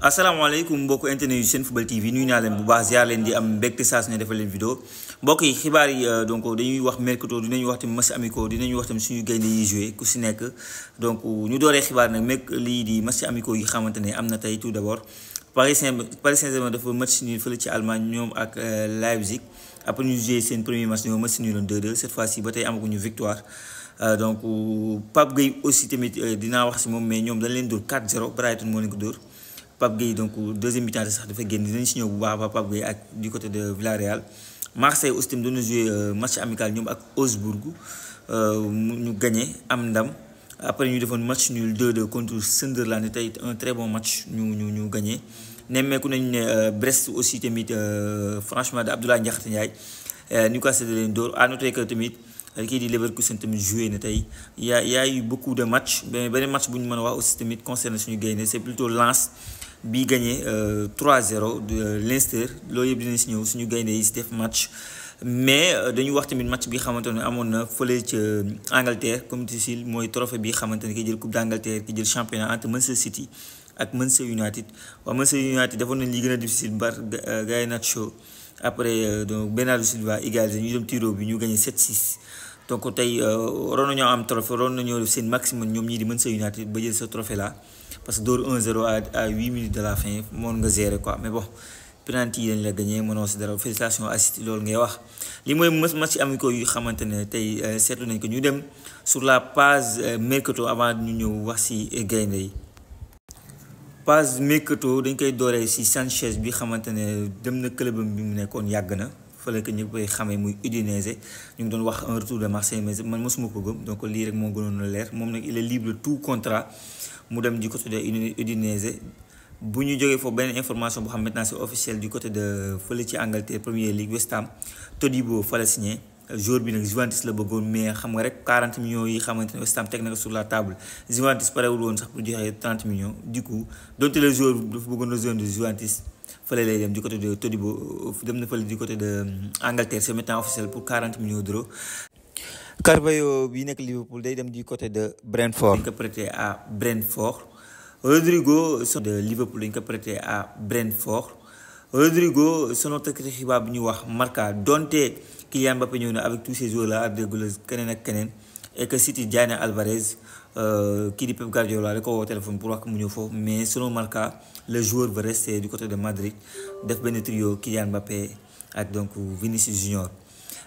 asalaamaaleykum mbokk internet yu seen football TV nuyu naa leen bu baax ziar len di am mbekté saa su defal len vidéo mbokk yi xibaar yi euh, donc dañuy wax mercato dinañ wax tamit match amico dinañ wax tamit suñu gaynde yi jouer ku si nekk donc ñu doré xibaar nak mekk li di match amico yi xamante ne am na tout d'abord Paris Saint Paris Saint-Germain dafa match ni fële ci Allemagne ñom ak euh, Leipzig après ñu jouer seen premier match ñoo match nul 2-2 cette fois-ci batay tey ñu victoire euh, donc Pape Gueye aussi tamit dina wax ci mom mais ñom dañ leen dóor 4-0 Brighton moo leen ko dóor Pape Gueye donc deuxième mi-temps sax dafa génn dinañ si ñëw bu baax Pape Gueye ak du côté de Villarreal Marseille aussi nous doon joué euh, match amical ñoom ak Augsbourg ñu euh, gagné am ndam après ñu defoon match nul 2-2 contre Sunderland tey un très bon match ñu ñu ñu gagné. nemmeeku nañu ne euh, Brest aussi tamit franchement de Abdoulaye Ndiakhate Ndiaye ñu ko séddale leen à noter que tamit. qui dit Leverkusen tamit joué na il y' a y' a eu beaucoup de matchs mais beneen match bu ñu mën a aussi tamit concerne suñu c'est plutôt Lens bi gagné 3-0 euh, de Leinster loolu yëpp dinañ si ñëw suñu gaynde yi def match mais euh, dañu wax tamit match bi xamante amon na feulé ci Angleterre comme si moy trophée bi xamante ki jël coupe d'Angleterre ki jël championnat entre Manchester City ak Manchester United wa Manchester United defoon nañ li gëna difficile bar euh, Garnacho après donc Bernardo Silva égalisé ñu dem tiro bi ñu gagné 7-6 donc tey waroon nañoo am trophée waroon nañoo def seen maximum ñom ñi di Manchester United ba jël sa trophée la parce que dóor 1-0 à à huit minutes de la fin moon nga gérer quoi mais bon penalty yi dañ la gagné mënoo si dara félicitation assist loolu ngay wax. li mooy match amicaux yu xamante ne tey euh, seetlu nañ ko ñu dem sur la page euh, mercato avant ñu ñëw wax si gaynde yi. page mercato dañ koy dooree si Sanchez bi xamante ne dem na clubam bi mu nekkoon yàgg na. fële que ñu koy xamee muy Udinese ñu ngi wax un retour de Marseille mais man mosuma ko gëm donc lii rek moo gënoon a leer il est libre tout contrat mu dem du côté de Udinese bu ñu jógee foofu benn information pour xam maintenant c'est officiel du côté de fële ci Angleterre Premier League West Ham Todibo fallait signer jour bi nak Juventus la bëggoon mais xam nga rek 40 millions yi xamanteni West Ham teg na sur la table Juventus wul woon sax pour joxe 30 millions du coup donte le jour dafa bëggoon la zone de Juventus fële lay dem du côté de Todibo dem na du côté de euh, Angleterre c'est maintenant officiel pour 40 millions d'euros Carvalho bi nekk Liverpool day dem du côté de Brentford. dañ ko prêté à Brentford Rodrigo son de Liverpool dañ ko prêté à Brentford Rodrigo selon takkati xibaar bu ñu wax Marca donte Kylian Mbappé ñëw na avec tous ces joueurs là à keneen ak keneen et que City jaay Alvarez. Qui euh, dit Pep Guardiola da au téléphone pour voir que mais selon Marca le joueur va rester du côté de Madrid def Ben trio Kylian Mbappé et donc Vinicius Junior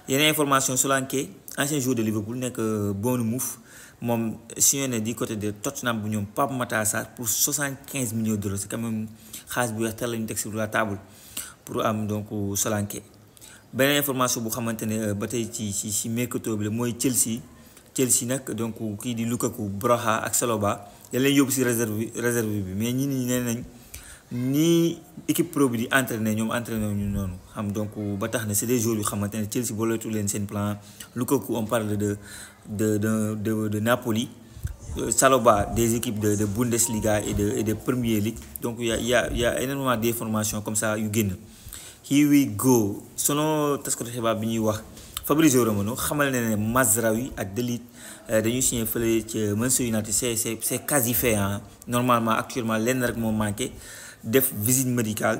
Il y a une information sur Solanke ancien joueur de Liverpool euh, bon move. moom signé di côté de Tottenham bu ñoom Pape Matar pour 75 millions d'euros c'est quand même Khas bu weex sur la table pour am donc euh, Solanke Ben information bu xamante ne ba tey ci ci ci bi Chelsea. Chelsea donc kii di Lukaku Braha ak Saloba da leen yóbbu si réserve réserve bi mais ñi ñi nee nañ équipe pro bi di entraîner ñom entraîner ñu nonu xam donc ba tax na c'est des joueurs yu Chelsea ne Chelsea tout len sen plan Lukaku on parle de de de de de Napoli euh, Saloba des équipes de de Bundesliga et de et de Premier League donc il y a y a y a énormément d'informations comme ça yu génn here we go selon ko xeba bi ñuy wax. Fabrizio Romano xamal na ne Mazraoui ak De Ligt euh, dañuy signé fële ci Manchester United c'est c'est quasi fait hein. normalement actuellement lenn rek moo manqué def visite médicale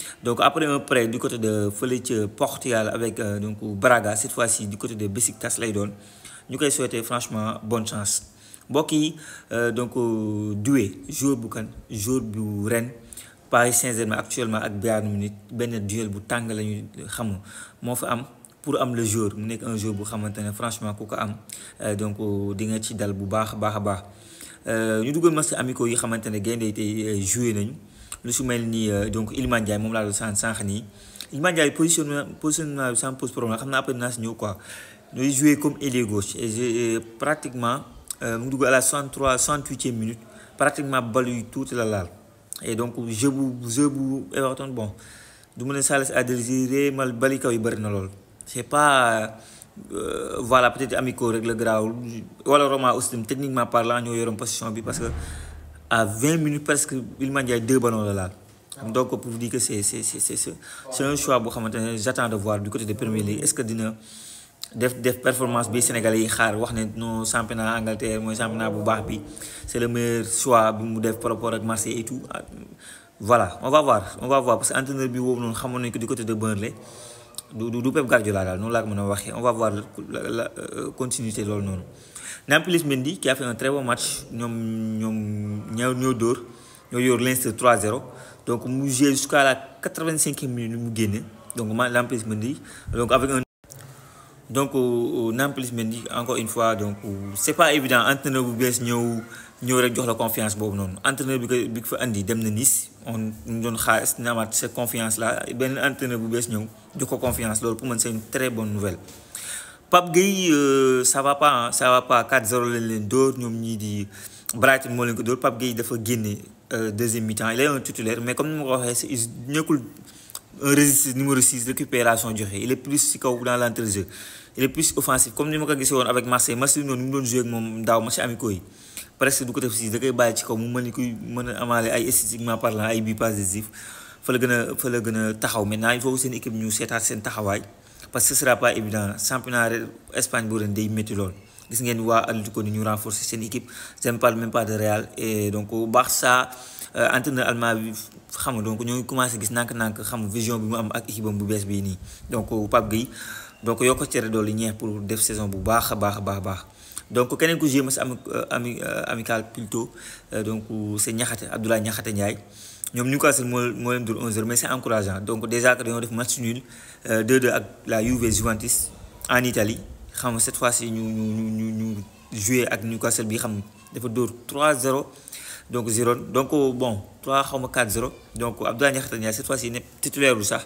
Donc après un prêt du côté de Felice Portugal avec euh, donc, Braga, cette fois-ci du côté de Besiktas Leydon, nous lui souhaiter franchement bonne chance. Boki, euh, donc euh, doué, joueur Boukan, joueur bu Rennes, Paris Saint-Germain actuellement avec Bayern Munich, ben duel bu tang lañu xam pour am le joueur mu un joueur bu xamantene franchement ku ko am euh, donc di nga ci dal bu baax baax baax ñu duggal match amicaux yi xamantene gaynde tey joué lu su ni euh, donc il Ndiaye mon laa doon sànq ni il Iliman Ndiaye position positionnement bi sans pose problème xam après naa ni quoi nous jouer comme ailier gauche et pratiquement euh, mu ngi à la 63 68e minute pratiquement bal toute la laal et donc je vous je vous Everton bon du ma ça a à mal bali kaw yi bëri c'est pas. Euh, voilà peut-être amicaux règle grave garaawul wala Roma aussi techniquement parlant ñoo yoroon position bi parce que à 20 minutes parce presque Iliman dit deux ballons de là. Donc, pour vous dire que c'est c'est c'est c'est c'est un choix, j'attends de voir du côté des Premier League. Est-ce que Dina def def performance bi sénégalais yi xaar wax ne non championnat Angleterre moi championnat bu baax c'est le meilleur choix bi mu def par rapport ak Marseille et tout voilà on va voir on va voir parce que entraîneur bi non noonu xamoon du côté de Burnley du du du Pep Guardiola daal noonu laa ko mën on va voir la euh, continuité lol non Nampalys Mendy qui a fait un très bon match ñom ñom ñaw ñoo dóor ñoo yor Leinster 3-0 donc mu jouer jusqu'à la 85e minute mu génne donc man Nampalys Mendy donc avec un. donc euh, Nampalys Mendy encore une fois donc euh, c'est pas évident entraîneur bu bees ñëw ñëw rek jox la confiance boobu noonu entraîneur bi ko bi ko fa andi dem na Nice on ñu doon xaalis na amaat cette confiance là benn entraîneur bu bees ñëw jox ko confiance loolu pour man c'est une très bonne nouvelle. Pape Gueye euh, ça va pas hein, ça va pas 4-0 lañ leen dóor ñoom ñii di Brighton moo leen ko dóor Pape Gueye dafa génne euh, deuxième mi-temps il est un titulaire mais comme ni ma ko waxee il nekkul un résiste numéro 6 récupération joxe il est plus si kaw dans l'entrejeu il est plus offensif comme ni avons vu avec Marseille match nous nous mu doon dans ak moom daaw match amicaux yi presque du côté def si da koy bàyyi ci kaw mu mën ni kuy mën a ay esthétiquement parlant ay buts décisifs fallait la gën a fa taxaw maintenant il faut une équipe ñu seetaat seen taxawaay parce que ce sera pas évident championnat Espagne bu ren day métti lool gis ngeen waa Atlético ni renforcer seen équipe je ne parle même pas de Real et donc Barça euh, entraîneur allemand xam donc ñoo ngi commencé gis nank nànk xam vision bi mu am ak équipe am bu bees donc Pape Gueye donc yoo ko cere li ñeex pour def saison bu baax a baax a baax baax donc keneen ku joué ma si ami euh, ami euh, amical plutôt euh, donc c'est Niakhaté Abdoulaye Niakhaté Ndiaye ñoom Newcastle moo moo leen dóor 11h mais c'est encourageant donc déjà que dañoo def match nul 2-2 ak la Juve Juventus en Italie xam cette fois-ci ñu ñu ñu ñu joué ak Newcastle bi xam dafa dóor 3-0 donc Girone donc bon 3 xaw ma 4-0 donc Abdoulaye Niakhaté Ndiaye cette fois-ci ne titulaire lu sax.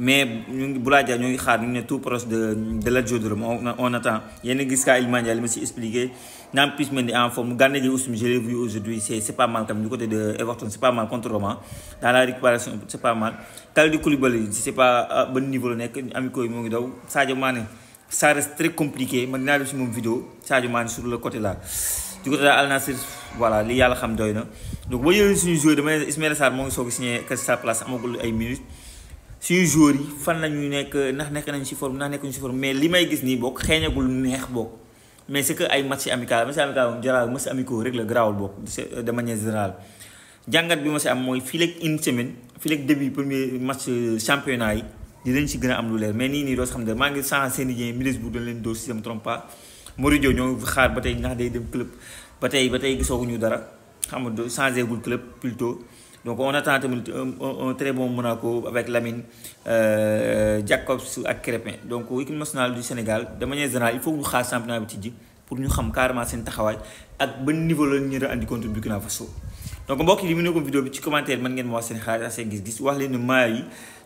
mais ñu ngi Boulaye Dia ñu ngi xaar ñu ne tout proche de de Lat Dior Deuram on on attend yéen a gis kaa il Ndiaye li ma si expliqué Nampalys Mendy en forme Gana Gueye aussi je l'ai vu aujourd'hui c'est c'est pas mal comme du côté de Everton c'est pas mal contre Roma dans la récupération c'est pas mal Kalidou Koulibaly c'est pas euh, ban niveau la nekk amico koy moo ngi daw Sadio Mané ça reste très compliqué man dinaa def si moom vidéo Sadio Mané sur le côté là du côté de Al Nassr voilà li yàlla xam doy na donc boo jëlee suñu joueur dama ne Ismaïla Sarr moo ngi soog a signé sa place amagul ay minutes suñu joueurs yi fan lañu nekk ndax nekk nañu si forme ndax nekkuñu si forme mais li may gis nii bokk xeeñagul neex bokk mais c'est que ay match amical match amical moom jaraal match amicaux rek bi ma si am mooy fii leeg une semaine fii leeg début premier match euh, championnat yi dinañ si gën a am lu leer mais nii nii doo si xam ne maa ngi sans seen i Middlesbrough dañ leen dóor si sama trompe pas Mourinho ñoo xaar ba tey ndax day dem club ba tey ba tey ñu dara xam nga changé gul club plutôt Donc on attend un, très bon Monaco avec Lamine, mine euh, Jacobs et Crépin. Donc week-end national du Sénégal, de manière générale, il faut que nous un championnat pour nous xam carrément sen ak un niveau la ñu contre donc vidéo commentaire ngeen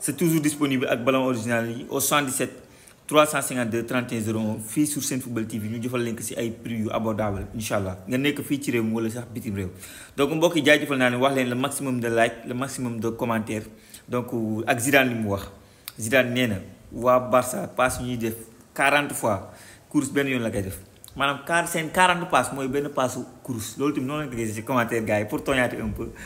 c'est toujours disponible ak ballon original au 77 352 31 01 fii sur seen football TV ñu jëfal leen ko ay prix yu abordable incha allah nga nekk fii ci réew mi wala sax bitim réew donc mbokk yi jaajëfal naa ne wax leen le maximum de like le maximum de commentaire donc euh, ak Zidane li mu wax Zidane nee na waa Barça passe ñuy def 40 fois course benn yoon la koy def maanaam 40 seen 40 passe mooy benn passu course loolu tamit noonu la ñu ci commentaire gars yi pour tooñaate un